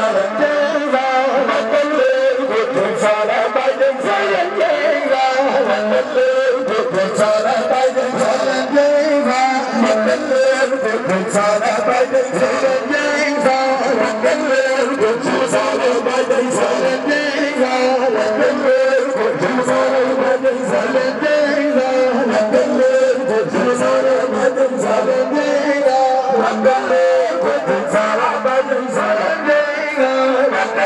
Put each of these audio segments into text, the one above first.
I'm gonna go to the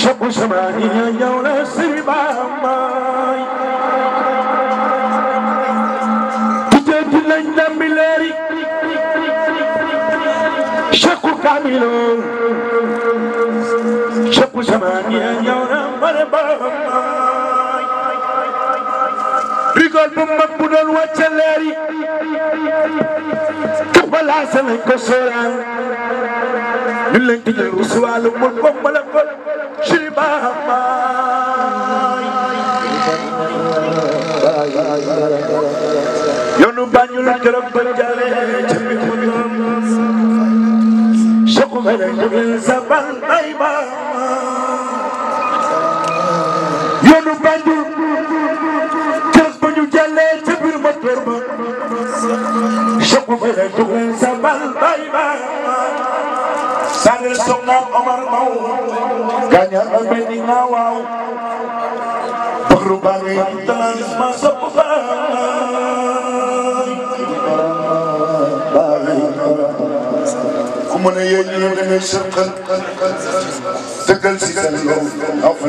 Shukr Shamani, Yona Sri Mama. كامل شق سمانيا يونا مربا ريغول بوم مك بودون واتي ليري كبلا سمي كو سوران ñun lañ ko jël su wàllu mul ko mala ko shriba yoonu bañul kërëm ba jale من زبان طيبة يونو باندو جاز بنيو جالي تبير مطربة شكو فلتو من زبان طيبة سالي سمنا عمر مو غانيا أبني ناواو بخرو باني تلانس ما سبقا mu ne yéen ñëw da ngay sëqal dëggal si seen yow aw fa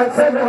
Hello,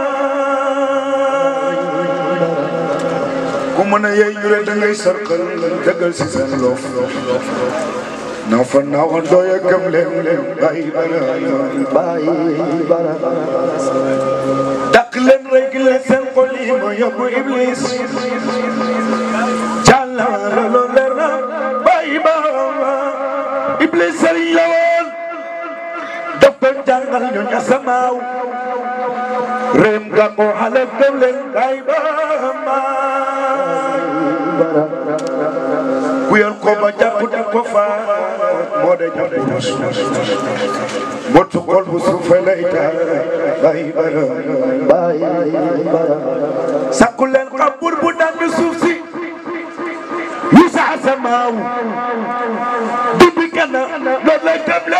mën a yey jure da ngay sarqal dëggal si seen loof na fa naawoon doo ya gëm leen leen bàyyi bara bàyyi bara dàq leen rek leen seen xol yi ma yóbbu iblis jàllale loolu leer na bàyyi bara iblis sëriñ la woon daf doon jàngal ñooñu asamaaw رم کا کو حلق دولن غائبا ہما ویل کو بچا پٹ کو فا مودے جپوس بوت کول بو سو فلا ایتا غائبا غائبا سکولن قبر بو دان سوف سی وسع سماو دبي كنا لولا قبل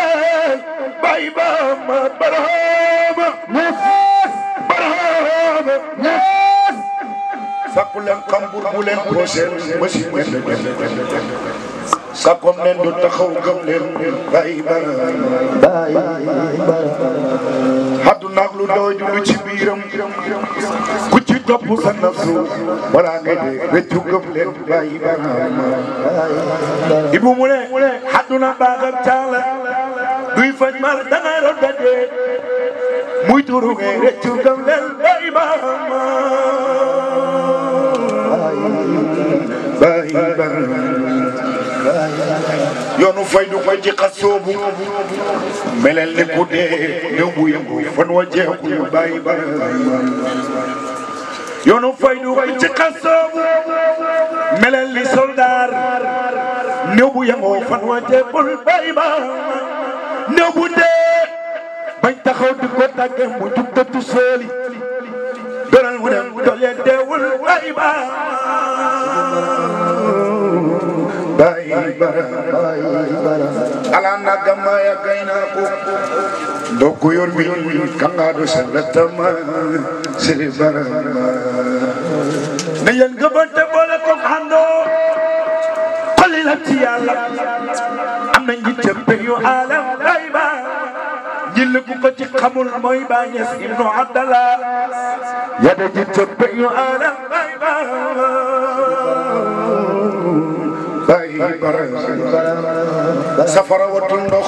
غائبا ما برهام sakku leen xambur bu leen projet machine bi la dem sakkoon leen du taxaw gëm leen bàyyi bara bàyyi bara addu nag lu doy ju ci biiram ku ci topp sa nafsu wala ngay dee rëccu gëm leen bàyyi bara ibu mu ne addu na baagam caala duy faj mar dangay rodda dee muy turu ngay rëccu gëm leen bay yoonu fay du koy ci xas soobu melel ku dee yëngu yëngu fan wa jeexu yoonu fay du koy ci xas soobu melel soldaar néew bu yëngoo fan wa jeexul bay bu dee bañ taxaw di ko tàgge mu jubbatu sooli doral mu dem dolee deewul ay ba bay bara ala nagama ya gayna ko dokku yor bi kanga do salatama siri bara ne yan gëbante boole ko xando xolil ci yàlla am na njitte yu ala jël bu ko ci xamul mooy Baay Ñas ibnu Abdallah yada ji coppe yu aana bay ba bay bara safara watul ndox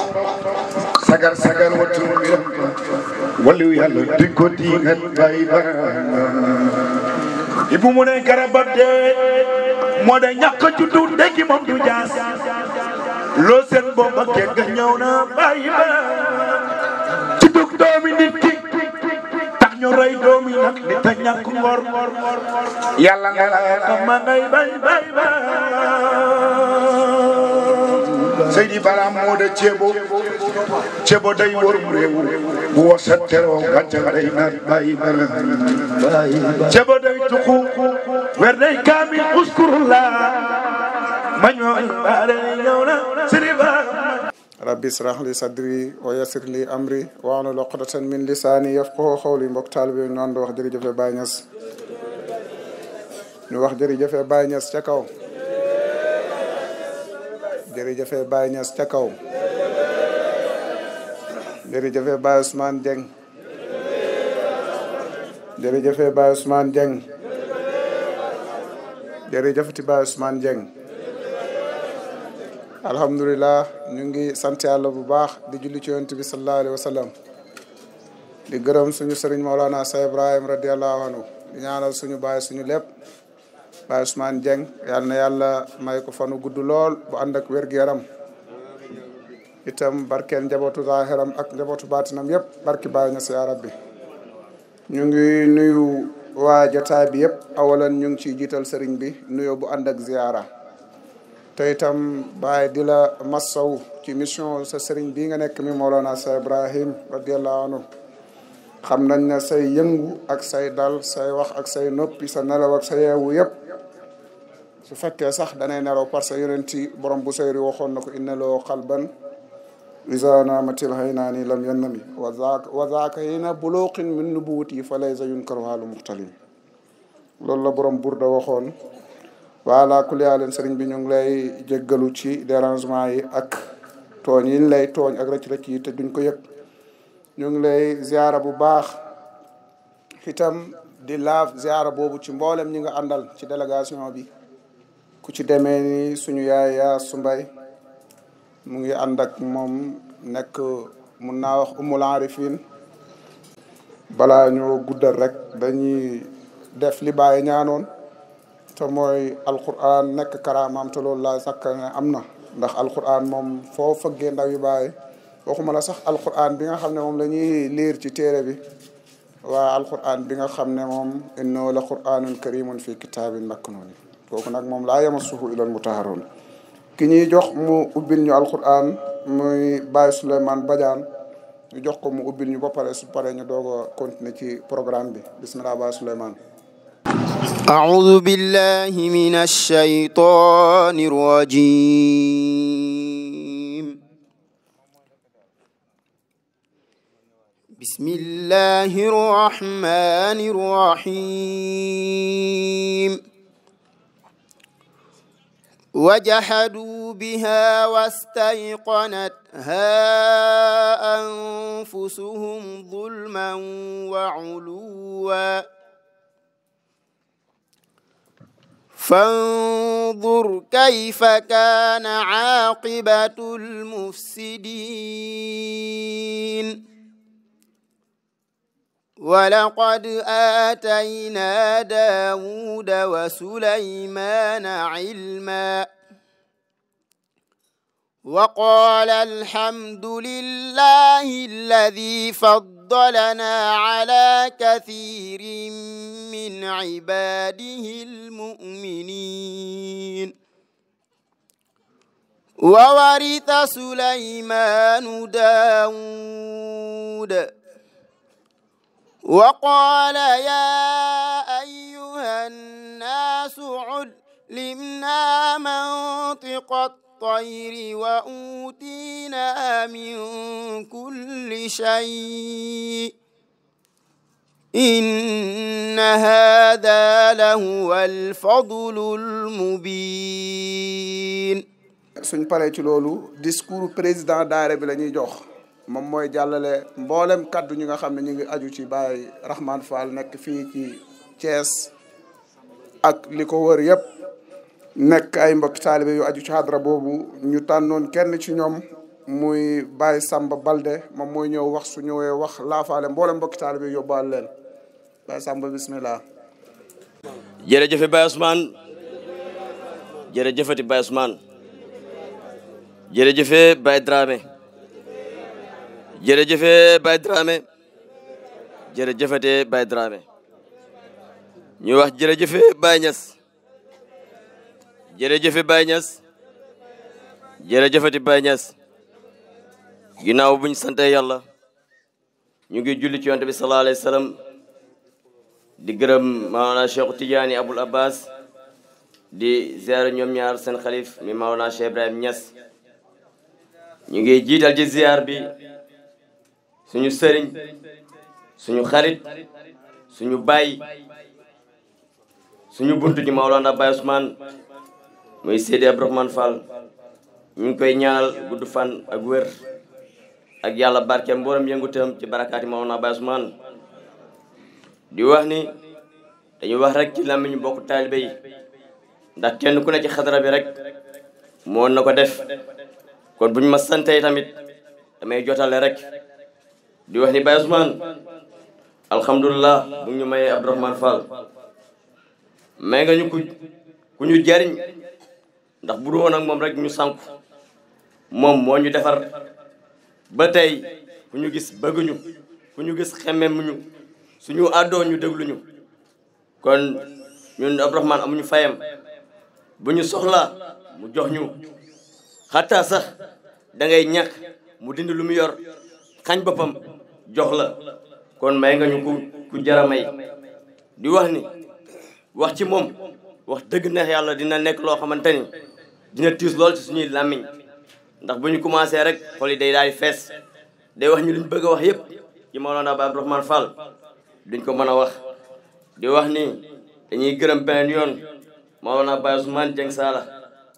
sagar sagar watul mbiram waliw yàlla di ko diingal bay bara ibu mu ne garabam de moo de ñàkk juddu déggi moom du jaas loo seen booba kegga ñëw bay bara nit ki tax ñu rey doom yi nag di ta ñàkk ngor yàlla nga la ma ngay bay bay bay Seydi Bara moo de ceebo ceebo day wóor mu réew bu wasa teroo gàncax day naat bàyyi bara ceebo day tuku wer day kaamil uskurullah ma ñoo bare ñëw na Seydi Bara rabbi israh li sadri wa yassir li amri wahlul uqdatan min lisaani yafqahu qawli mbokk taalibe bi noonu la wax jërëjëfe Baay Ñas ñu wax jërëjëfe Baay Ñas ca kaw jërëjëfe Baay Ñas ca kaw jërëjëfe Baay Ousmane Dieng jërëjëfe Baay Ousmane Dieng jërëjëfati alhamdulilah ñu ngi sant yàlla bu baax di julli ci yonent bi sallallahu alayhi di gërëm suñu sëriñ Maulana Cheikh Ibrahim radiallahu anhu ñaanal suñu baay suñu lépp baay Ousmane Dieng yal na yàlla may ko fanu gudd lool bu ànd ak wér-gu-yaram itam barkeel njabootu zahiram ak njabootu baatinam yëpp barki baay ña si bi ñu ngi nuyu waa bi yëpp awalan ñu ngi ciy jiital sëriñ bi nuyoo bu ànd ak ziyaara te itam bàyyi di la massaw ci mission sa sëriñ bii nga nekk mi Mawlana sa Ibrahim radiallahu anhu xam nañ say yëngu ak say dal say wax ak say noppi sa nelaw ak sa yeewu yëpp su fekkee sax danay nelaw parce que yonent yi borom bu sayri waxoon na ko inna loo xalban iza naamatil haynaani lam yannami wa zaaka wa zaaka min nubuwwati fa laysa yunkaru haalu muxtalim loolu la borom burda waxoon voilà ku leen sëriñ bi ñu ngi lay jéggalu ci dérangement yi ak tooñ yi ñu lay tooñ ak rëcc-rëcc yi te duñ ko yëg ñu ngi lay ziara bu baax itam di laaf ziara boobu ci mboolem ñi nga àndal ci délégation bi ku ci demee ni suñu yaay yaa su mbay mu ngi ànd moom nekk mun naa wax umul arifin balaa ñoo guddal rek dañuy def li bàyyi ñaanoon te mooy alquran nekk karaamaam te loolu laa sàkk ne am na ndax alquran moom foof fëggee ndaw yu bàyyi waxuma la sax alquran bi nga xam ne moom la ñuy liir ci téere bi waa alquran bi nga xam ne moom innahu la quranun karimun fi kitaabin maknun kooku nag moom laa yamassuhu illal mutahharun ki ñuy jox mu ubbil ñu alquran muy Baye Souleymane Badiane ñu jox ko mu ubbil ñu ba pare su ñu doog a ci programme bi bismillah Baye Souleymane أعوذ بالله من الشيطان الرجيم بسم الله الرحمن الرحيم وجحدوا بها واستيقنتها أنفسهم ظلما وعلوا فانظر كيف كان عاقبة المفسدين ولقد آتينا داود وسليمان علماً وقال الحمد لله الذي فضلنا على كثير من عباده المؤمنين وورث سليمان داود وقال يا أيها الناس علمنا منطقة الطير وأوتينا من كل شيء إن هذا لهو الفضل المبين suñ paree ci loolu discours président daara bi la ñuy jox moom mooy jàllale mboolem kaddu ñi nga xam ne ñu ngi aju ci Baye Rahmane Fall nekk fii ci Thiès ak li ko wër yëpp nekk ay mbokki taalibe yu aju ci boobu ñu tànnoon kenn ci ñoom muy Baye Samba Balde moom mooy ñëw wax su ñëwee wax laafaale mboole mbokki taalibe yóbbaal leen Baye Samba bismillah jërëjëfe Baye Ousmane jërëjëfati Baye Ousmane jërëjëfe Baye Dramé jërëjëfe Baye Dramé jërëjëfate Baye Dramé ñu wax jërëjëfe Baye jërëjëfe Baye Niass jërëjëfati Baye Niass ginnaaw buñ sante yàlla ñu ngi julli ci yonte bi sallallahu alayhi wa di gërëm Maolana Cheikh Tidiane Abul Abbas di ziar ñoom ñaar seen xalif mi Maolana Cheikh Ibrahim Niass ñu ngi jiital ci ziar bi suñu sëriñ suñu xarit suñu baay suñu buntu ji Maolana Baye Ousmane mooy Seydi Abdourahmane Fall ñu ngi koy ñaanal gudd fan ak wér ak mboor barkeem mbooram yëngutam ci barakaati Mawlana Baye Ousmane di wax ni dañu wax rek ci làmmiñu bokk taalibe yi kenn ku ne ci xadara bi rek moo na ko def kon buñu ma santee tamit damay jotale rek di wax ni Baye Ousmane alhamdulilah bu ñu mayee Abdourahmane Fall may nga ñu ku ñu jariñ ndax bu doon ak moom rek ñu sànku moom moo ñu defar ba tey ku ñu gis bëgguñu ku ñu gis xemmemuñu suñu àddoo ñu dégluñu kon ñun Abdourahmane amuñu fayam bu ñu soxla mu jox ñu xataa sax dangay ngay mu dindi lu mu yor xañ boppam jox la kon may nga ñu ku ku jara may di wax ni wax ci moom wax dëgg neex yàlla dina nekk loo xamante dina tiis lool ci suñuy làmmiñ ndax bu ñu commencé rek xol day daal di fees day wax ñu luñ bëgg a wax yëpp ci Maolana Ba Abdourahmane Fall duñ ko mën a wax di wax ni dañuy gërëm beneen yoon Maolana Baye Ousmane Dieng Sala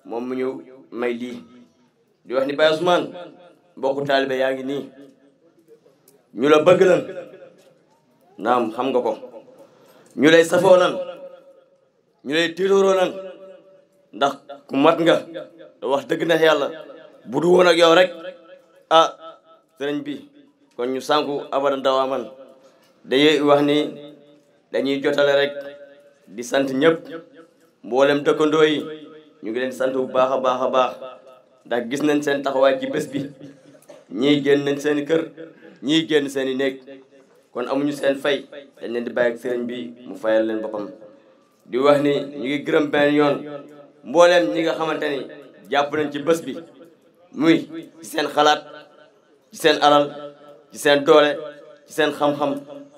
moom mu ñu may lii di wax ni Baye Ousmane mbokku taalibe yaa ngi nii ñu la bëgg lan naam xam nga ko ñu lay safoo lan ñu lay tiitooroo lan ndax ku mat nga wax dëgg na yàlla bu du woon ak yow rek ah sëriñ bi kon ñu sànku abadan dawaaman dañuy wax ni dañuy jotale rek di sant ñëpp mboolem dëkkandoo ñu ngi leen sant bu baax a baax a baax ndax gis nañ seen taxawaay ci bés bi ñii génn nañ seen kër ñii génn seen i néeg kon amuñu seen fay dañ leen di bàyyi ak bi mu fayal leen boppam di wax ni ñu ngi gërëm benn yoon mbooleem ñi nga xamante ni jàpp nañ ci bës bi muy ci seen xalaat ci seen alal ci seen doole ci seen xam-xam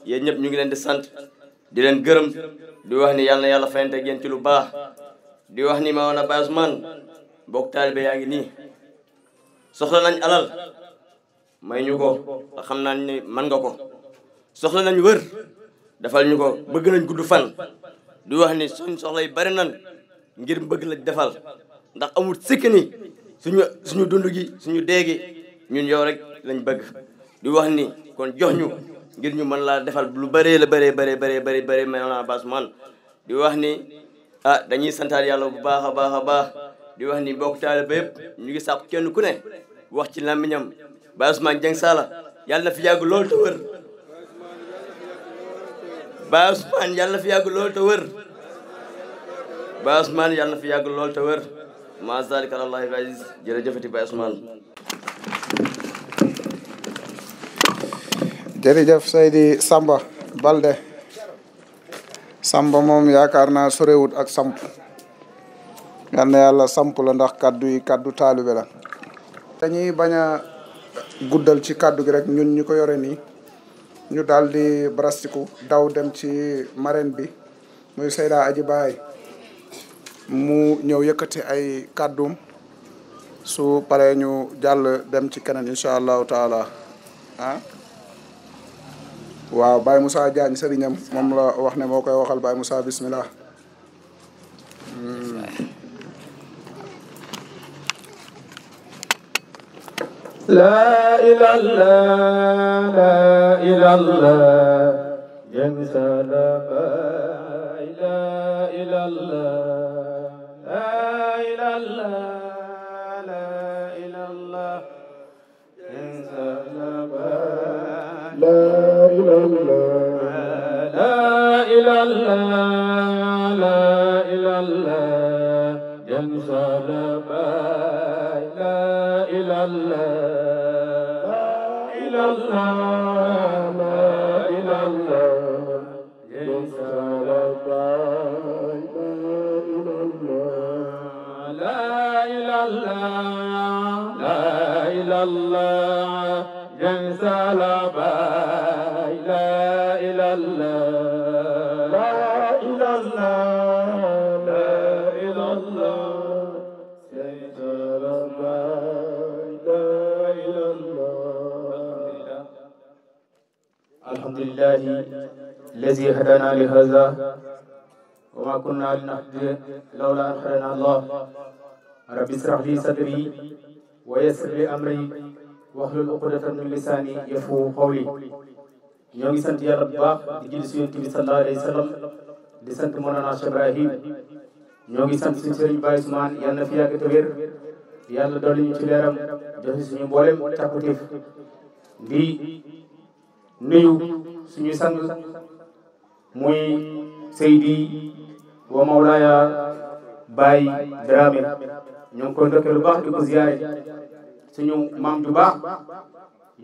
yéen ñëpp ñu ngi leen di sant di leen gërëm di wax ni yàlla na yàlla fayante ak yéen ci lu baax di wax ni Maodo Baye Ousmane mbokk taalibe yaa ngi nii soxla nañ alal may ñu ko nga xam naa ni man nga ko soxla nañ wër dafal ñu ko bëgg nañ gudd fan di wax ni suñ soxla yi bari nan ngir bëgg la defal ndax amul sikk ni suñu suñu dund gi suñu dee gi ñun yow rek lañ bëgg di wax ni kon jox ñu ngir ñu mën laa defal lu bëree la bëree bëree bëree bëri bëri Mawlana Bass di wax ni ah dañuy santaat yàlla bu baax a baax a baax di wax ni bokk taaliba yëpp ñu ngi sàkku kenn ku ne wax ci làmmiñam Baye Ousmane Dieng saala yàlla na fi yàgg te wër Baye yàlla na fi yàgg te wër Baye Ousmane yàlla na yàgg lool te wér ma zalika alallahi bi aziz Seydi Samba Balde Samba moom yaakaar naa sorewut ak samp yal na yàlla samp la ndax kaddu yi kaddu taalibe la dañuy bañ a guddal ci kaddu gi rek ñun ñu ko yore nii ñu daal di brastiku daw dem ci marraine bi muy Seyda Aji Baay mu ñëw yëkkati ay kàdduum su paree ñu jàll dem ci keneen incha allahu taala ah waaw Baye Moussa Diagne sëriñam moom la wax ne moo koy waxal Baye Moussa bismillah لا إله إلا لا إلا الله لا إلا الله إن لا إلا الله لا إلا الله لا إلا الله ينصرف لا إلا الله لا إلا الله الله جن سلام لا إله الله لا إله الله لا إله الله جن سلام لا إله الله الحمد لله الذي هدانا لهذا وما كنا لنهتدي لولا أن هدانا الله رب اشرح لي صدري wa yassir li amri wahlul uqdatan min lisaani yafqahu qawli ñoo ngi sant yàlla bu baax di julli si yonent bi sallallahu alayhi wa di sant Mawlana Cheikh Ibrahim ñoo ngi sant suñu sëriñ Baye Ousmane yàlla na fi yàgg te wér yàlla dolli ñu ci leeram joxe suñu mboolem càkkutéef di nuyu suñuy sang muy Seydi wa Mawlaaya Baye Dramé ñoo ngi koy ndokkee lu baax di ko ziyaare suñu maam ju baax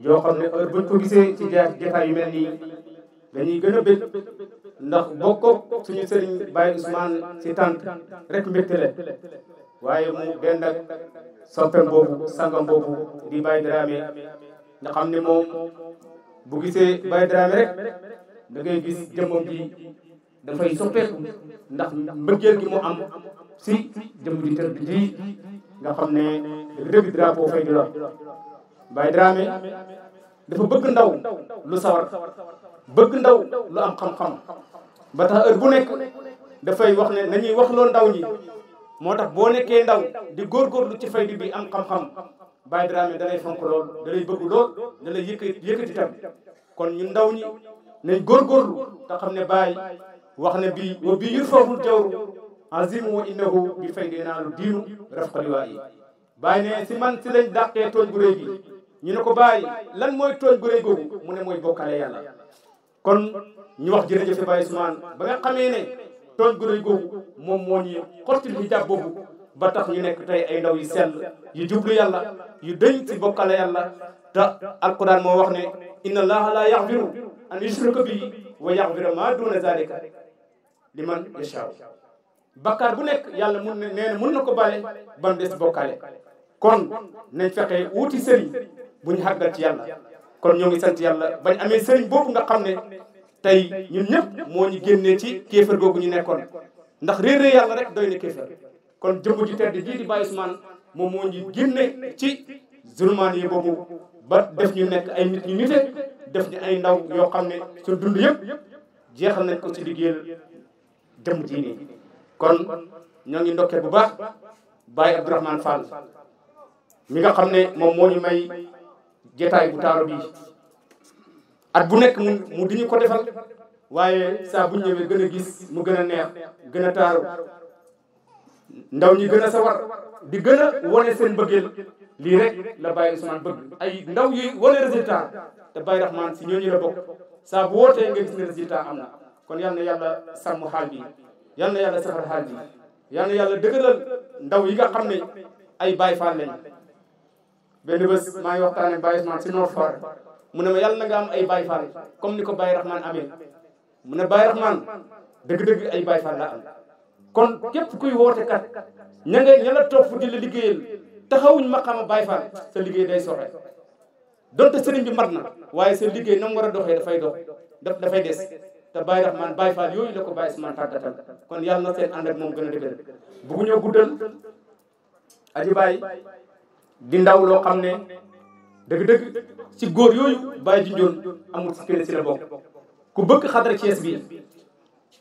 yoo xam ne heure bu ko gisee ci jataay yu mel nii dañuy gën a bëgg ndax bokkoog suñu sëriñ Baye Ousmane si tànt rek mbégte la waaye mu benn ak soppem boobu sangam boobu di Baye Dramé nga xam ne moom bu gisee Baye Dramé rek da ngay gis jëmmam ji dafay soppeeku ndax mbëggeel gi mu am si jëm di tëdd ji nga xam ne dëgg-dëgg drapeau fay di la Baye Dramé dafa bëgg ndaw lu sawar bëgg ndaw lu am xam-xam ba tax heure bu nekk dafay wax ne nañuy wax loo ndaw ñi moo tax boo nekkee ndaw di góorgóorlu ci faydi bi am xam-xam Baye Dramé dalay fonk lool dalay bëgg lool dalay yëkkati yëkkati tam kon ñun ndaw ñi nañ góorgóorlu te xam ne Baye wax ne bii wa bii yur fooful jawru azimu innahu bi fay dinaalu diinu rafqa liwaayi bàyyi ne si man si lañ dàqee tooñ gu réy ñu ne ko bàyyi lan mooy tooñ gu réy googu mu ne mooy bokkale yàlla kon ñu wax jërëjëf Baye Ousmane ba nga xamee ne tooñ gu réy moom moo ñu xottil hijab boobu ba tax ñu nekk tey ay ndaw yu sell yi jublu yàlla yu dëñ si bokkale yàlla te alquran moo wax ne inna allaha la yaxfiru an yushraka bihi wa yaxfira ma duna zalika liman yashaa bakkaar bu nekk yàlla mun na nee na mun na ko bale ba mu des bokkale kon nañ fexe wuti sëriñ bu ñu xàggal ci yàlla kon ñoo ngi sant yàlla bañ amee sëriñ boobu nga xam ne tey ñun ñëpp moo ñu génnee ci kéefër googu ñu nekkoon ndax réer rek doy na kéefër kon jëmm ji tedd jii di Baye Ousmane moom moo ñu génne ci zulmaan yi boobu ba def ñu nekk ay nit ñu nite def ñu ay ndaw yoo xam ne suñ dund yëpp jeexal nañ ko ci liggéeyal jëmm ji nii kon ñoo ngi ndokkee bu baax Baye Abdourahmane Fall mi nga xam ne moom moo ñu may jetaay bu taaru bii at bu nekk mu di ñu ko defal waaye saa bu ñëwee gën a gis mu gën a neex gën a taaru ndaw ñi gën a sawar di gën a wane seen bëggeel lii rek la Baye Ousmane bëgg ay ndaw yuy wane résultat te Baye Rahmane si ñooñu la bokk saa bu wootee nga gis ne résultat am na kon yal na yàlla sàmm xaal bi yal na yàlla saxal xaal ji yal na yàlla dëgëral ndaw yi nga xam ne ay Baay Faal lañ benn bés maa ngi waxtaane Baay Usmaan si Nord Foire mu ne ma yàlla na am ay Baay Faal comme ni ko Baay Rahmaan amee mu ne Baay Rahmaan dëgg-dëgg ay Baay Faal la am kon képp kuy woote kat ña nga ña la topp di la liggéeyal taxawuñ ma xam a Baay Faal sa liggéey day soxe donte sëriñ bi mat na waaye seen liggéey na mu war a doxee dafay dox daf dafay des te Baye Rahmane Baye Fall yooyu la ko Baye Ousmane tàggatal kon yàlla na seen ànd ak moom gën a dëgër bu ñoo guddal aji di ndaw loo xam ne dëgg-dëgg si góor yooyu Baye junjoon amul si kenn si la bokk ku bëgg xadra Thiès bi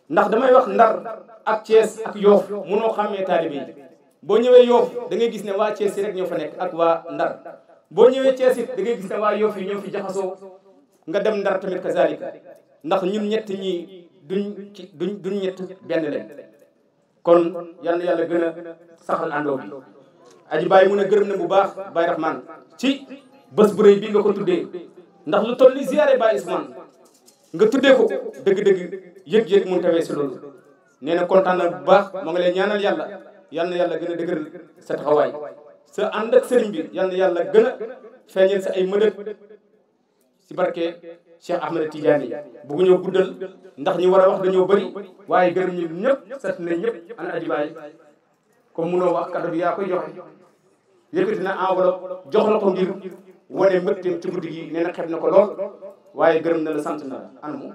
ndax damay wax ndar ak Thiès ak yoof munoo xàmmee taalibe yi boo ñëwee yoof da ngay gis ne waa Thiès rek ñoo fa nekk ak waa ndar boo ñëwee Thiès it da ngay gis ne waa yoof yi ñoo fi jaxasoo nga dem ndar tamit kazalika ndax ñun ñett ñi duñ ci duñ duñ ñett benn lañ kon yal na yàlla gën a saxal àndoo bi aji bàyyi mun a gërëm na bu baax Baye Rahman ci bés bu rëy bi nga ko tuddee ndax lu toll ni ziyaare Baye Ousmane nga tuddee ko dëgg-dëgg yëg-yëg mun tawee si loolu nee na kontaan na bu baax moo ngi lay ñaanal yàlla yal na yàlla gën a dëgëral sa taxawaay sa ànd ak sëriñ bi yal yàlla gën a feeñal sa ay mëdët si barke Cheikh Ahmed Tidiane yi bugguñoo guddal ndax ñi war a wax dañoo bëri waaye gërëm ñu ñëpp set nañ ñëpp ana aji baay comme munoo wax kaddu bi yaa koy joxe yëkkati na enveloppe jox la ko ngir wane mbëgteem ci guddi gi nee na xeb na ko lool waaye gërëm na la sant na la an mu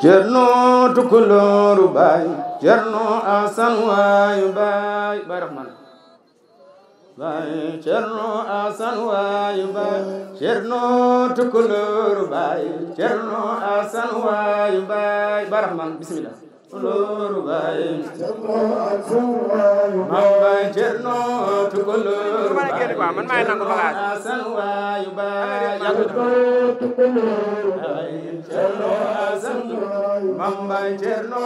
Ceerno Tukulóoru Baay Cerno Asan waayu baay baay Rahman baay Cerno Asan waayu baay Cerno Tukulóor baay Cerno Asan waayu baay baay Rahman bismillah kulóor baay cerno ak salwa yu baay baay cerno tu kulóor baay man maay nangu bagage salwa yu baay yàgg tu kulóor baay cerno ak salwa yu man baay cerno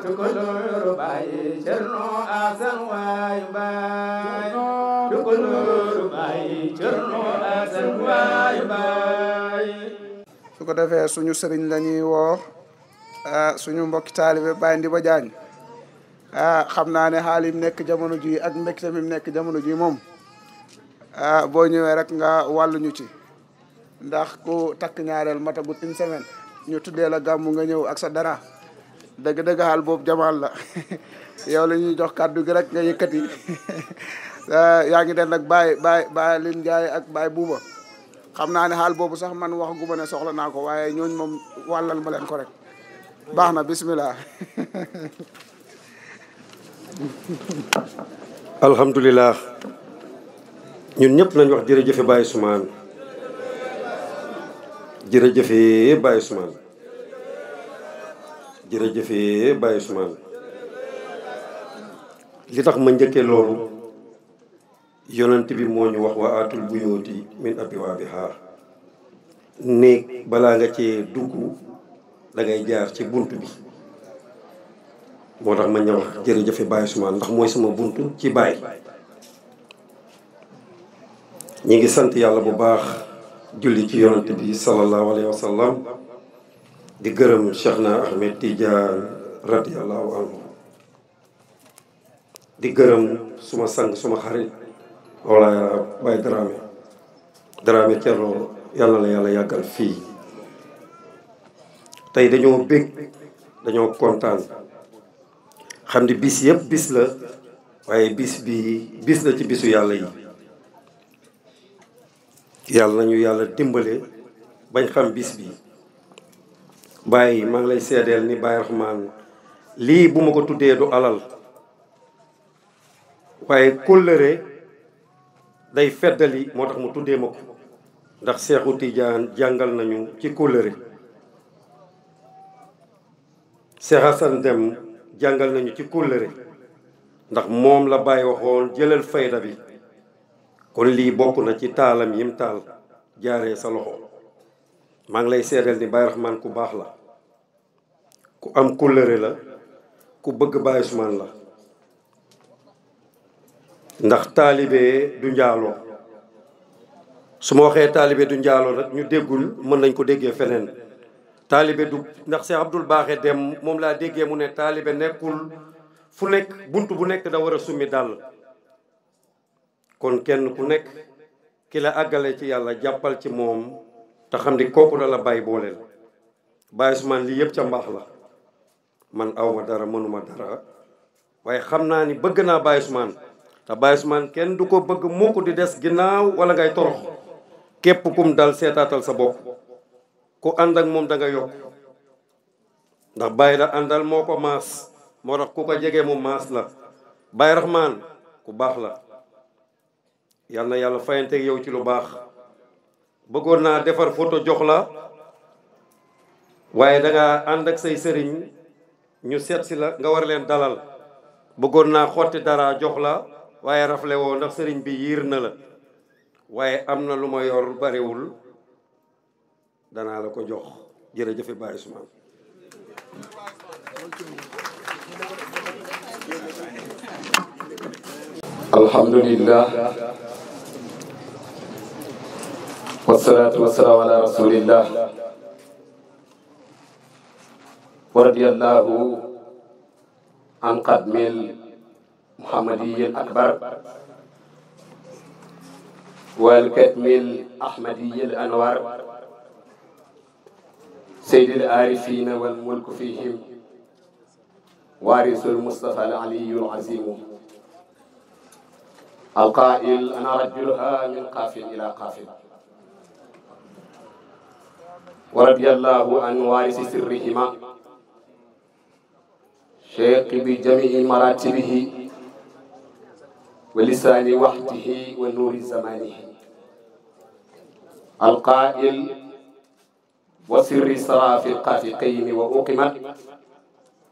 tu kulóor baay cerno ak salwa yu baay tu kulóor baay cerno ak salwa yu baay su ko defee suñu sëriñ lañuy woo Ah, suñu mbokki taalibe Baye Ndiba a ah, xam naa ne xaal nekk jamono ji ak mbégte mi mu nekk jamono ji moom ah, boo ñëwee rek nga wàlluñu ci ndax ku takk ñaareel matagut une semaine ñu tuddee la gàmmu nga ñëw ak sa dara dëgg-dëgg xaal boobu jamaal la yow la ñuy jox kàddu gi rek nga yëkkati yaa ngi den nag Baye Baye Baye Lin Ndiaye ak Baye Buuba xam naa ne xaal boobu sax man wax gu ma ne soxla naa ko waaye ñooñ moom wàllal ma leen ko rek baax na bismillah alhamdulilah ñun ñëpp nañ wax jërëjëfe Baye Ousmane jërëjëfe Baye Ousmane jërëjëfe Baye Ousmane li tax ma njëkkee loolu yonent bi moo ñu wax wa atul buyooti min abiwaabihaa néeg balaa nga cee dugg da ngay jaar ci bunt bi moo tax ma ñëw jërëjëfe Baye Ousmane ndax mooy suma bunt ci Baye ñu ngi sant yàlla bu baax julli ci yonent bi sallallahu alayhi wa sallam di gërëm Cheikh na Ahmed Tidiane radiallahu anhu di gërëm suma sang suma xarit walla Baye Dramé Dramé Thierno yàlla la yàlla yàggal fii tey dañoo bég dañoo kontaan xam ni bis yëpp bis la waaye bis bi bis la ci bisu yàlla yi yàlla nañu yàlla dimbale bañ xam bis bi bàyyi maa ngi lay seedeel ni bàyyi raxmaan lii bu ma ko tuddee du alal waaye kóllëre day feddali moo tax mu tuddee ma ko ndax seexu tijaan jàngal nañu ci kóllëre Cheikh Hassan Deme jàngal nañu ci kóllëre ndax moom la bàyyi waxoon jëlal fayda bi kon lii bokk na ci taalam yim taal jaaree sa loxo maa ngi lay seedeel ni Baye ku baax la ku am kóllëre la ku bëgg Baye Ousmane la ndax taalibe du njaaloo su ma waxee taalibe du njaaloo nag ñu déggul mën nañ ko déggee feneen taalibe du ndax Cheikh Abdoul Baaxe dem moom laa déggee mu ne taalibe nekkul fu nekk bunt bu nekk da war a summi dàll kon kenn ku nekk ki la àggale ci yàlla jàppal ci moom te xam ni kooku la la bàyyi booleel bàyyi Usmaan lii yëpp ca mbaax la man awma dara mënuma dara waaye xam naa ni bëgg naa Baye Ousmane te Baye Ousmane kenn du ko bëgg mukk di des ginnaaw wala ngay torox képp kum dal seetaatal sa bopp ku ànd ak moom danga nga yokk ndax bàyyi da àndal moo ko maas moo tax ku ko jege mu maas la bàyyi raxmaan ku baax la yal na yàlla fayante yow ci lu baax bëggoon naa defar photo jox la waaye danga ànd ak say sëriñ ñu seet si la nga war leen dalal bëggoon naa xotti dara jox la waaye rafle ndax sëriñ bi yiir na la waaye am na lu ma yor barewul danaa la ko jox jërëjëfe Baye Ousmane alhamdulillah wasalaatu wasalaamu ala rasulillah wa radiyallahu an qadmil muhammadiyil akbar wal katmil ahmadiyil anwar seydil aarifiina wal mulku fihim waarisul mustafa al aliyu al azimu al qaa'il ana rajuluha min qaafin ila qaafin wa radiyallahu an waarisi sirrihima cheikh bi jamii maratibihi wa lisaani waxtihi wa nuuri zamaanihi al qaa'il wa sirri sara fi qafiqayni wa uqimat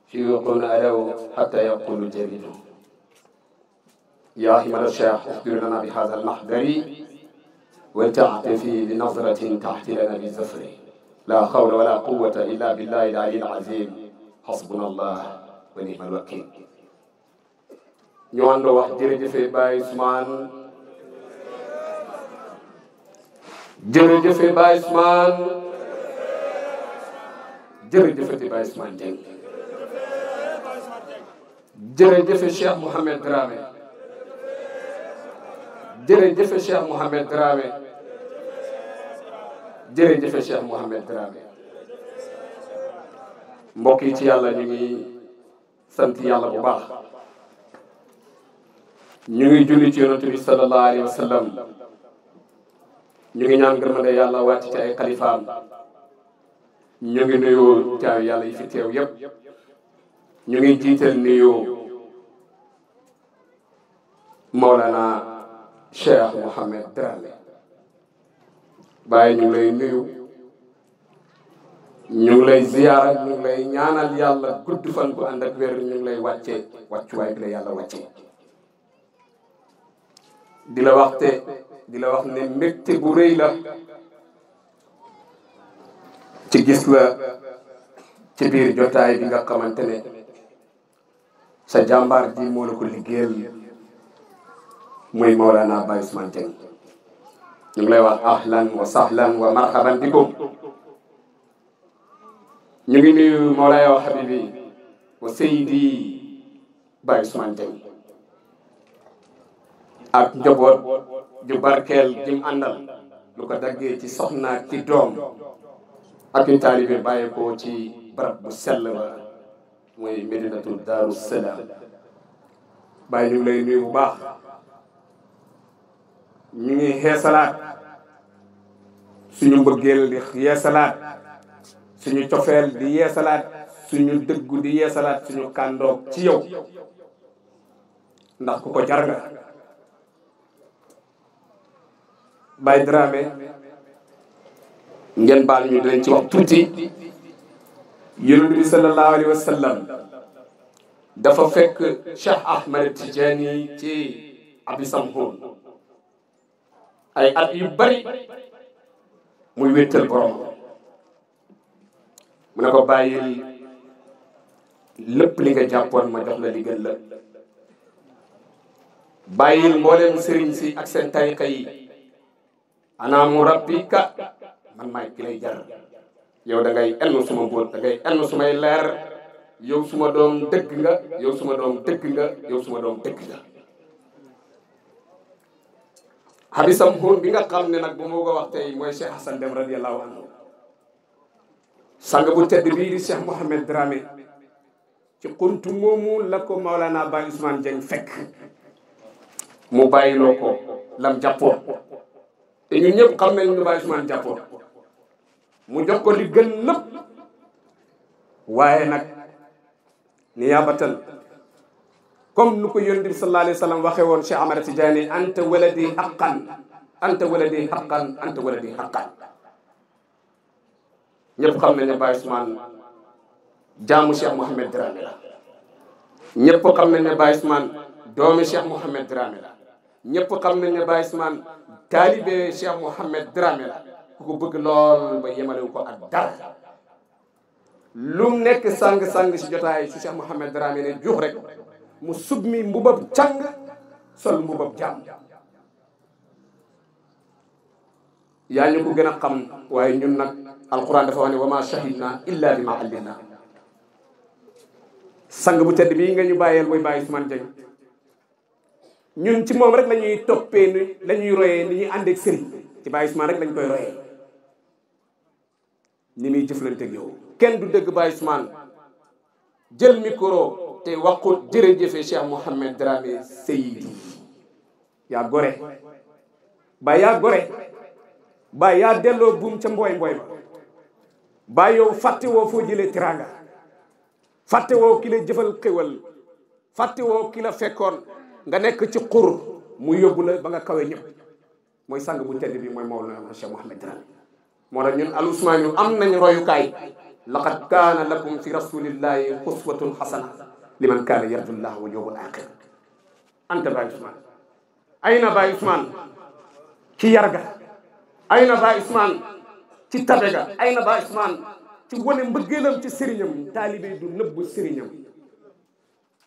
fi wuquna alaw hatta yaqulu jadidu ya ahmad alcheikh ukhbir lana bi hadha almahdari wa ta'tafi bi nazratin tahtilana bi zafri la hawla wala quwwata illa billahi alali alazim hasbuna allah wa nihma alwakil ñu àndoo wax jërëjëfe Baye Ousmane jërëjëfe Baye Ousmane jërëjëfati Baye Ousmane Dieng jërëjëfe Cheikh Mouhamed Dramé jërëjëfe Cheikh Mouhamed Dramé jërëjëfe Cheikh Mouhamed Dramé mbokk yi ci yàlla ñu ngi sant yàlla bu baax ñu ngi julli ci yonent bi sallallahu alayhi wa sallam ñu ngi ñaan yàlla wàcc ci ay xalifaam ñu ngi nuyoo taayu yàlla yi fi yëpp yépp ñu ngi jiital nuyoo Mawlana Cheikh Mohamed Dramé bàyyi ñu ngi lay nuyu ñu ngi lay ziyaara ñu ngi lay ñaanal yàlla gudd fan bu ànd ak wér ñu ngi lay wàcce wàccuwaay bi la yàlla wàcce di la waxte di la wax ne mbégte bu rëy la ci gis la ci biir jotaay bi nga xamante ne sa jàmbaar ji moo la ko muy Mawlana Baye Ousmane ñu ngi lay wax ahlan wa sahlan wa marhaban bikum ñu ngi nuyu Mawlaya wa habibi wa seydi Baye ak njaboot ju barkeel jim àndal lu ko daggee ci soxna ci doom ak i taalibe bàyyi ko ci barab bu sell ba mooy medinatul daaru salaam bàyyi ñu lay nuyu bu baax ñu ngi xeesalaat suñu mbëggeel di yeesalaat suñu cofeel di yeesalaat suñu dëggu di yeesalaat suñu kàndoog ci yow ndax ku ko jar nga Baye Dramé ngeen baal ñu dinañ ci wax tuuti yonent bi sallallahu alayhi wa sallam dafa fekk Cheikh Ahmed Tidiane ci abi samhoon ay at yu bari muy wéttal borom mu ne ko bàyyil lépp li nga jàppoon ma jox la li gën la bàyyil mboolem sëriñ si ak seen tariqa yi ana mu rabbika am maay ki lay jar yow da ngay enn suma mbóot da enn sumay leer yow suma doom dëgg nga yow suma doom dëgg nga yow suma doom dëgg nga xabisam bi nga xam ne nag bu moo ko wax tey mooy Cheikh Hassan Deme radiallahu anhu sang bu tedd bii di Cheikh Mouhamed Dramé ci xuntu moomu la ko Maolana Baye Ousmane Dieng fekk mu bàyyiloo ko lam jàppoon te ñun ñëpp xam nañ ñu Baye Ousmane jàppoon mu jox ko li waaye nag niyaabatan comme nu ko yonent bi sallallahu alayhi wa sallam waxee woon Cheikh Ahmada Tidiane anta waladi haqqan anta waladi haqqan anta waladi haqqan ñëpp xam nañ ne Baye Ousmane jaamu Cheikh Mouhamed Dramé la ñëpp xam nañ ne Baye Ousmane doomi Cheikh Mouhamed la ñëpp xam nañ ne Baye taalibe Cheikh Mouhamed Dramé la ku ko bëgg lool ba yemalewu ko ak dara lum nekk sang-sang si jotaay si Cheikh Mouhamed Dramé ne juux rek mu sub mi mbubab càng sol mbubab jàmm yaa ñu ko gën a xam waaye ñun nag alquran dafa wax ne wa ma shahidna illa bi ma allimna sang bu tedd bii nga ñu bàyyeel mooy bàyyi Ousmane Dieng ñun ci moom rek la ñuy toppee ni la ñuy royee ni ñuy àndeeg sëriñ ci bàyyi Ousmane rek lañ koy royee ni muy jëflanteeg yow kenn du dëgg Baye Ousmane jël micro te waxut jërëjëfe Cheikh Mouhamed Dramé Seydi yaa gore ba yaa gore ba yaa delloo buum ca mbooy mbooy ba ba yow fàtte woo foo jëlee teraanga fatte woo ki la jëfal xéwal fàtte woo ki la fekkoon nga nekk ci xur mu yóbbu la ba nga kawe ñëpp mooy sang bu tedd bi mooy Mawlana Cheikh Mouhamed Dramé moo tax ñun yu am nañ royukaay laqad kaana lakum fi rasulillahi uswatun xasana liman kaana yarju llah wal yawmal axir anta baay usmaan ayna baay usmaan ci yarga ayna baay usmaan ci tabega ayna baay usmaan ci wane mbëggeelam ci sëriñam taalibe du nëbb sëriñam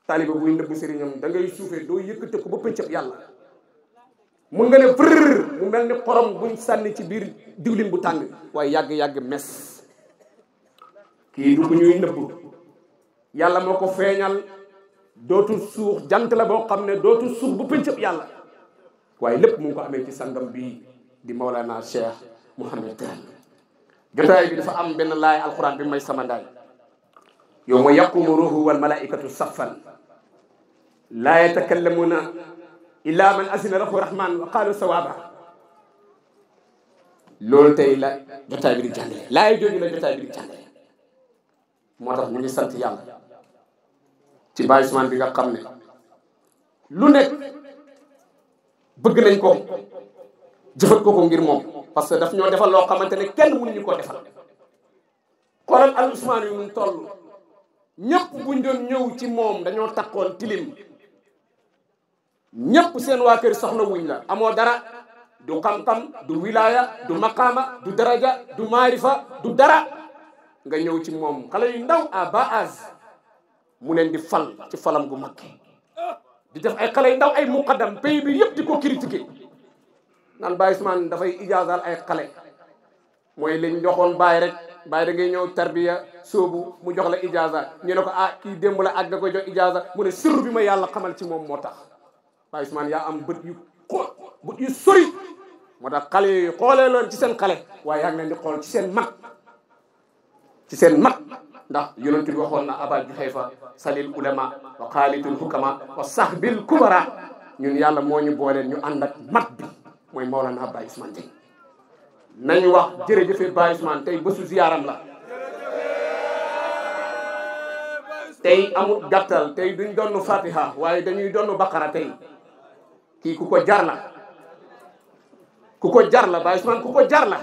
taalibe buy nëbb sëriñam da ngay suufee doo yëkkate ko ba pëccëb yàlla mun nga ne fërr mu mel ni xorom buñ sànni ci biir diwlin bu tàng waaye yàgg-yàgg mes kii du ñuy nëbb yàlla moo ko feeñal dootul suux jant la boo xam ne dootul suux bu pëncëb yàlla waaye lépp mu ko amee ci sangam bii di Mawlana Cheikh Mouhamed Tall jotaay bi dafa am benn laay alxuraan bi may sama ndaay yow ma yaqumu ruuhu wal malaikatu saffan laa yatakallamuuna illaa man asina lahu rahman wa qaalu sawaaba loolu tey la jotaay bi di jàngale laay jooju la jotaay bi di moo tax ñu ngi sant yàlla ci Baye Ousmane bi nga xam ne lu nekk bëgg nañ ko jëfat ko ko ngir moom parce que daf ñoo defal loo xamante ne kenn mënuñu ko defal xoolal al Ousmane yu mu toll ñëpp doon ñëw ci moom dañoo takkoon tilim ñépp seen waa kër soxla wuñ la amoo dara du xam-xam du wilaaya du maqaama du daraja du maarifa du dara nga ñëw ci moom kale yu ndaw a bas âge mu leen di fal ci falam gu mag du def ay xale yu ndaw ay muqaddam pays bi yëpp di ko critiqué naan Baye Ousmane dafay ijaazaal ay xale mooy liñ joxoon Baye rek Baye da ngay ñëw tarbiya soobu mu jox la ijaaza ñu ne ko ah kii démb la ak da koy jox ijaaza mu ne sirru bi ma yàlla xamal ci moom moo tax Baye man yaa am bët yu xool bët moo tax xale yi xoolee loon ci seen xale waaye yaa ngi leen di xool ci seen mag ci seen mag ndax yonent bi waxoon na abal juhayfa salil ulama wa xaalitul hukama wa sahbil kubara ñun yàlla moo ñu boole ñu ànd ak mat bi mooy Mawlana Baye Ousmane Dieng nañu wax jërëjëfe Baye Ousmane tey bésu ziyaaram la tey amul gàttal tey duñ doon fatiha waaye dañuy doon baqara tey kii ku ko jar la ku ko jar la Baye ku ko jar la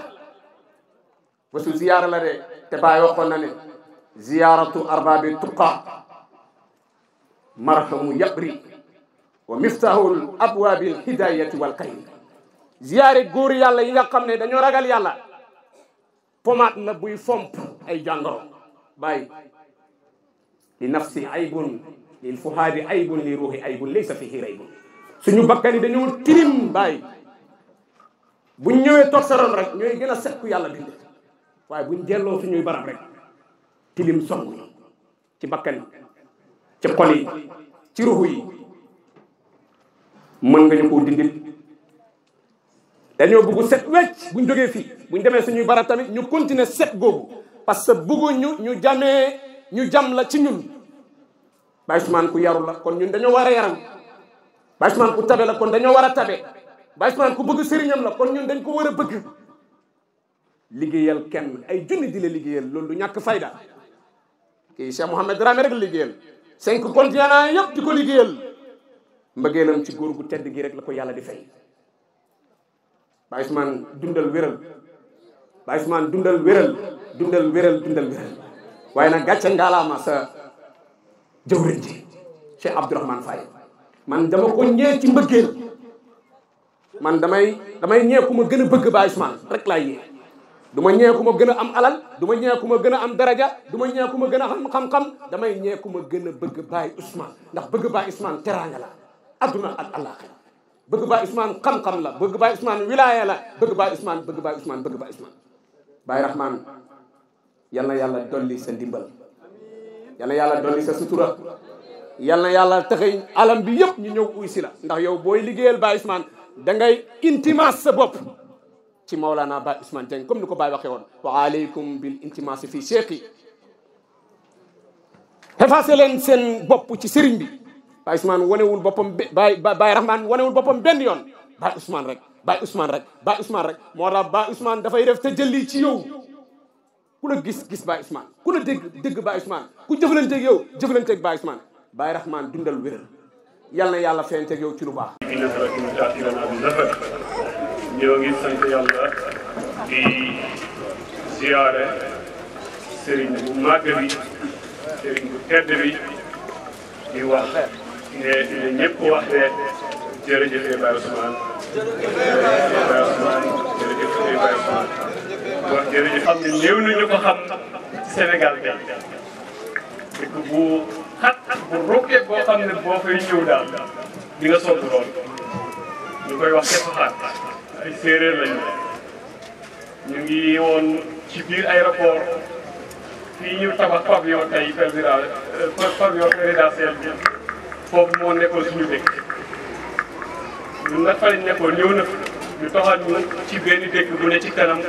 bésu ziyaara la de te Baye waxoon na ne ziyaaratu arbaabi tuqa marhamu yabri wa miftahul abwaabil hidayati wal ziyaare góor yàlla yi nga xam ne dañoo ragal yàlla pomaat la buy fomp ay jàngoro Baye li nafsi aybun lil fuhaadi aybun li ruuxi aybun laysa fihi raybun suñu bakkan yi dañoo tirim bàyyi buñ ñëwee toog sa rek ñooy gën a set ku yàlla bind waaye buñ delloo suñuy barab rek tilim song ci bakkan yi ci xol yi ci ruxu yi mën nga ñu ko dindil dañoo bëgg set wecc buñ jógee fii bu buñ demee suñuy barab tamit ñu continuer set googu parce que bëgguñu ñu jamee ñu jam la ci ñun Baye Ousmane ku yaru la kon ñun dañoo war a yaram Baye Ousmane ku tabe la kon dañoo war a tabe Baye Ousmane ku bëgg sëriñam la kon ñu dañ ko war a bëgg liggéeyal kenn ay junni di la loolu du ñàkk fayda kii Cheikh Mouhamed Dramé rek la liggéeyal cinq continents yëpp di ko liggéeyal mbëggeelam ci góor gu tedd gi rek la ko yàlla di fay Baye dundal wéral Baye dundal wéral dundal wéral dundal wéral waaye nag gàcce ngaalaama sa jëwriñ ji Cheikh Abdourahmane man dama ko ñee ci mbëggeel man damay damay ñee ku ma gën a bëgg Baye Ousmane rek laay ñee ma ñee ku ma gën a am alal du ma ñee ku ma gën am daraja du ma ñee ku ma gën a am xam-xam damay ñee ku ma gën a bëgg Baye Ousmane ndax bëgg Baye Ousmane la adduna ak àllaaxira bëgg Baye Ousmane xam-xam la bëgg Baye Ousmane wilaaya la bëgg Baye Ousmane bëgg Baye Ousmane bëgg Baye Ousmane yal na yàlla dolli sa ndimbal yal na yàlla dolli sa sutura yal na yàlla taxay alam bi yëpp ñu ñëw uy si la ndax yow booy liggéeyal Baye Ousmane dangay ngay intimaas sa bopp ci Maolana Baye Ousmane Dieng comme ni ko Baye waxee woon wa aleykum bil intimaas fii cheikh yi effacé leen seen bopp ci sëriñ bi Baye Ousmane wanewul boppam Baye Baye Rahman wanewul boppam benn yoon Baye Ousmane rek Baye Ousmane rek Baye Ousmane rek moo tax Baye dafay def te jëlli ci yow ku la gis gis Baye Ousmane ku la dégg dégg Baye Ousmane ku jëflanteeg yow jëflanteeg Baye Ousmane Baye Rahmane dundal wéral yal na yàlla feeñteeg yow ci lu baax. ñoo ngi sant yàlla di ziare sëriñ bu màgg bi sëriñ bu tedd bi di wax ne ñëpp wax ne jërëjëf Baye Rahmane jërëjëf Baye Rahmane jërëjëf Baye Rahmane wax jërëjëf xam ne néew nañu ko xam Sénégal tey dëkk bu xat bu rukkee boo xam ne boo fay ñëw daal di nga sonn lool ñu koy wax kepp xaar ay séeréer lañu ñu ngi woon ci biir aéroport fii ñu tabax pavillon tey président euh, pavillon présidentiel bi foofu moo nekkoon suñu dëkk ñun nag fa lañ nekkoon ñëw na ñu toxal ñu ci benn dëkk bu ne ci kanam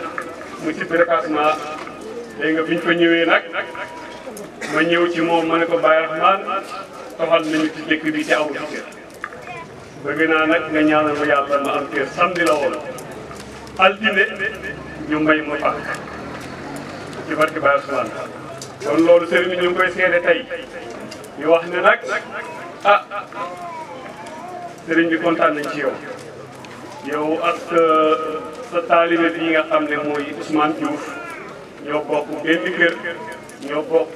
mu ci déplacement léegi nga biñ fa ñëwee nag ma ñëw ci moom ma ne ko Baye Rahmane toxal nañu ci lékk bi te amul kër bëgg naa nag nga ñaanal ma yàlla ma am kër samedi la woon altine ñu may ma pàkk ci barke Baye loolu sëriñ bi ñu ngi koy seede tey ñu wax ne nag ah sëriñ bi kontaan nañ ci yow yow ak sa taalibe bi nga xam ne mooy Ousmane Diouf ñoo bokk benn kër ñoo bokk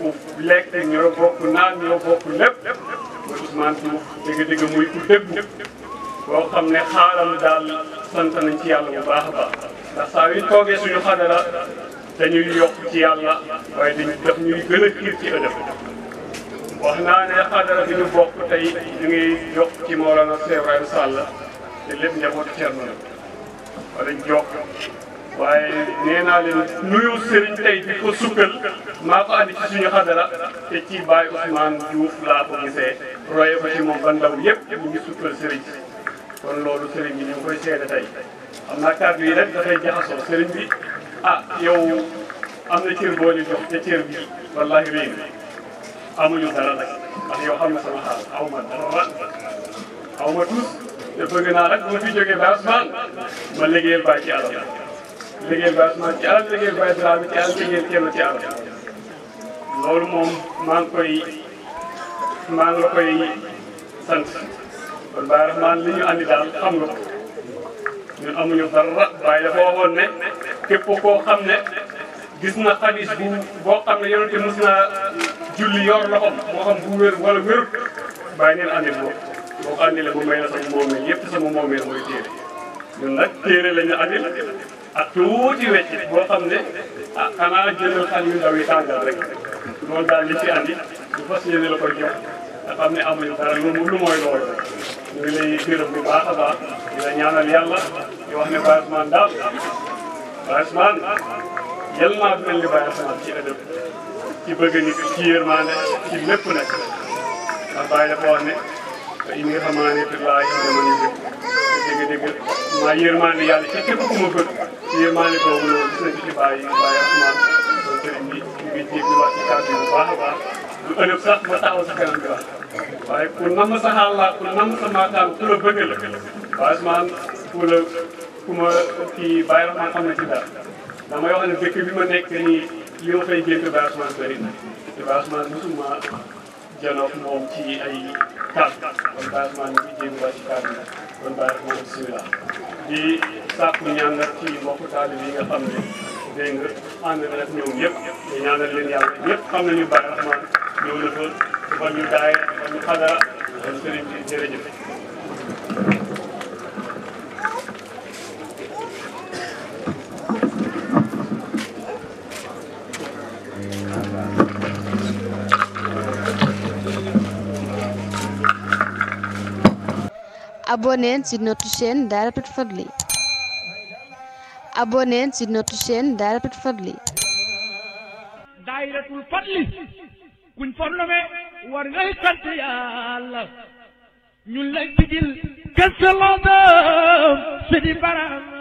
lekk ñoo bokk naan ñoo bokk lépp Ousmane Diouf dëgg muy ku déglu boo xam ne xaaral daal sant nañ ci yàlla bu baax a ndax saa yu toogee suñu xadara dañuy yokk ci yàlla waaye dañ daf ñuy gën a xiir ci ëllëg wax naa ne xadara bi ñu bokk tey ñu ngi yokk ci Mawlana Cheikh Ibrahima Sall te lépp njaboot Thierno la wala jokk waaye nee naa leen nuyu Serigne tey bi ko sukkal maa ko andi ci suñu xadara te ci Baye Ousmane Diouf laa ko roye ko ci moom ba ndaw yëpp ñu ngi sukkal Serigne kon loolu Serigne bi ñu ngi koy seede tey xam naa kàddu yi rek dafay jaxasoo Serigne bi ah yow am na cër boo jox cër bi wallahi réew amuñu dara nag ndax xam nga sama xaal aw ma dara tuus te naa rek bu ma fi jógee Baye Ousmane ma liggéeyal bàyyi ci àll liggéey ba Ousmane ci alal liggéey ba Islam ci alal liggéey kenn loolu moom maa ngi koy maa ngi la koy sant kon Baay andi daal xam nga ko ñun amuñu dara Baay dafa waxoon ne képp koo xam ne gis na xadis bu boo xam ne yonente mos naa julli yor loxoom moo xam bu wér wala wérut bàyyi neen andil boobu boo ko andile bu may na sama moomee yëpp sama moomee mooy téere ñun nag téere la ñu ak tuuti weccit boo xam ne ah xanaa jëlal xal yu ndaw yi tàngal rek loolu daal li ci andi bu fas yéene la koy xam ne amuñu dara lu lu mooy loolu ñu ngi lay gërëm bu baax a baax di la ñaanal yàlla di wax ne Baye Ousmane daal Baye Ousmane yal naa mel ni Baye Ousmane ci ëllëg ci bëgg nit ci yërmande ci lépp nag ndax Baye dafa wax ne te it nga xam ne laa yëngu dama ñu gën dégg-dégg maa yërmande yàlla ca képp ku bëgg kii maa ngi toog loolu gis nañu ci bàyyi bàyyi Ousmane kon sëriñ bi ñu ngi jégaluwaat ci kàddu yi bu baax a baax lu ëllëg sax ma taxaw sa kanam bi la waaye ku nam sa xalaat ku nam sa maataan ku la bëgg la waaye Ousmane ku la ku ma kii bàyyi Ousmane xam na ci dara damay wax ne dëkk bi ma nekk nii li ma fay gént bàyyi Ousmane bëri na te bàyyi Ousmane mosuma janoog moom ci ay kàddu kon Baye Ousmane ñu ngi jéem a ci kàddu la kon Baye Ousmane bisimilah di sàkku ñaan nag ci mbokk taalib yi nga xam ne dégg nga ànd na nag ñoom ñëpp te ñaanal leen yàlla ñëpp xam nañu ñu daay dafa ñu xadara kon abonnez sur notre chaîne Dahiratoul Fadly abonnez sur kuñ fornome war ngay sant Yàlla ñun lay digil kese la si di baram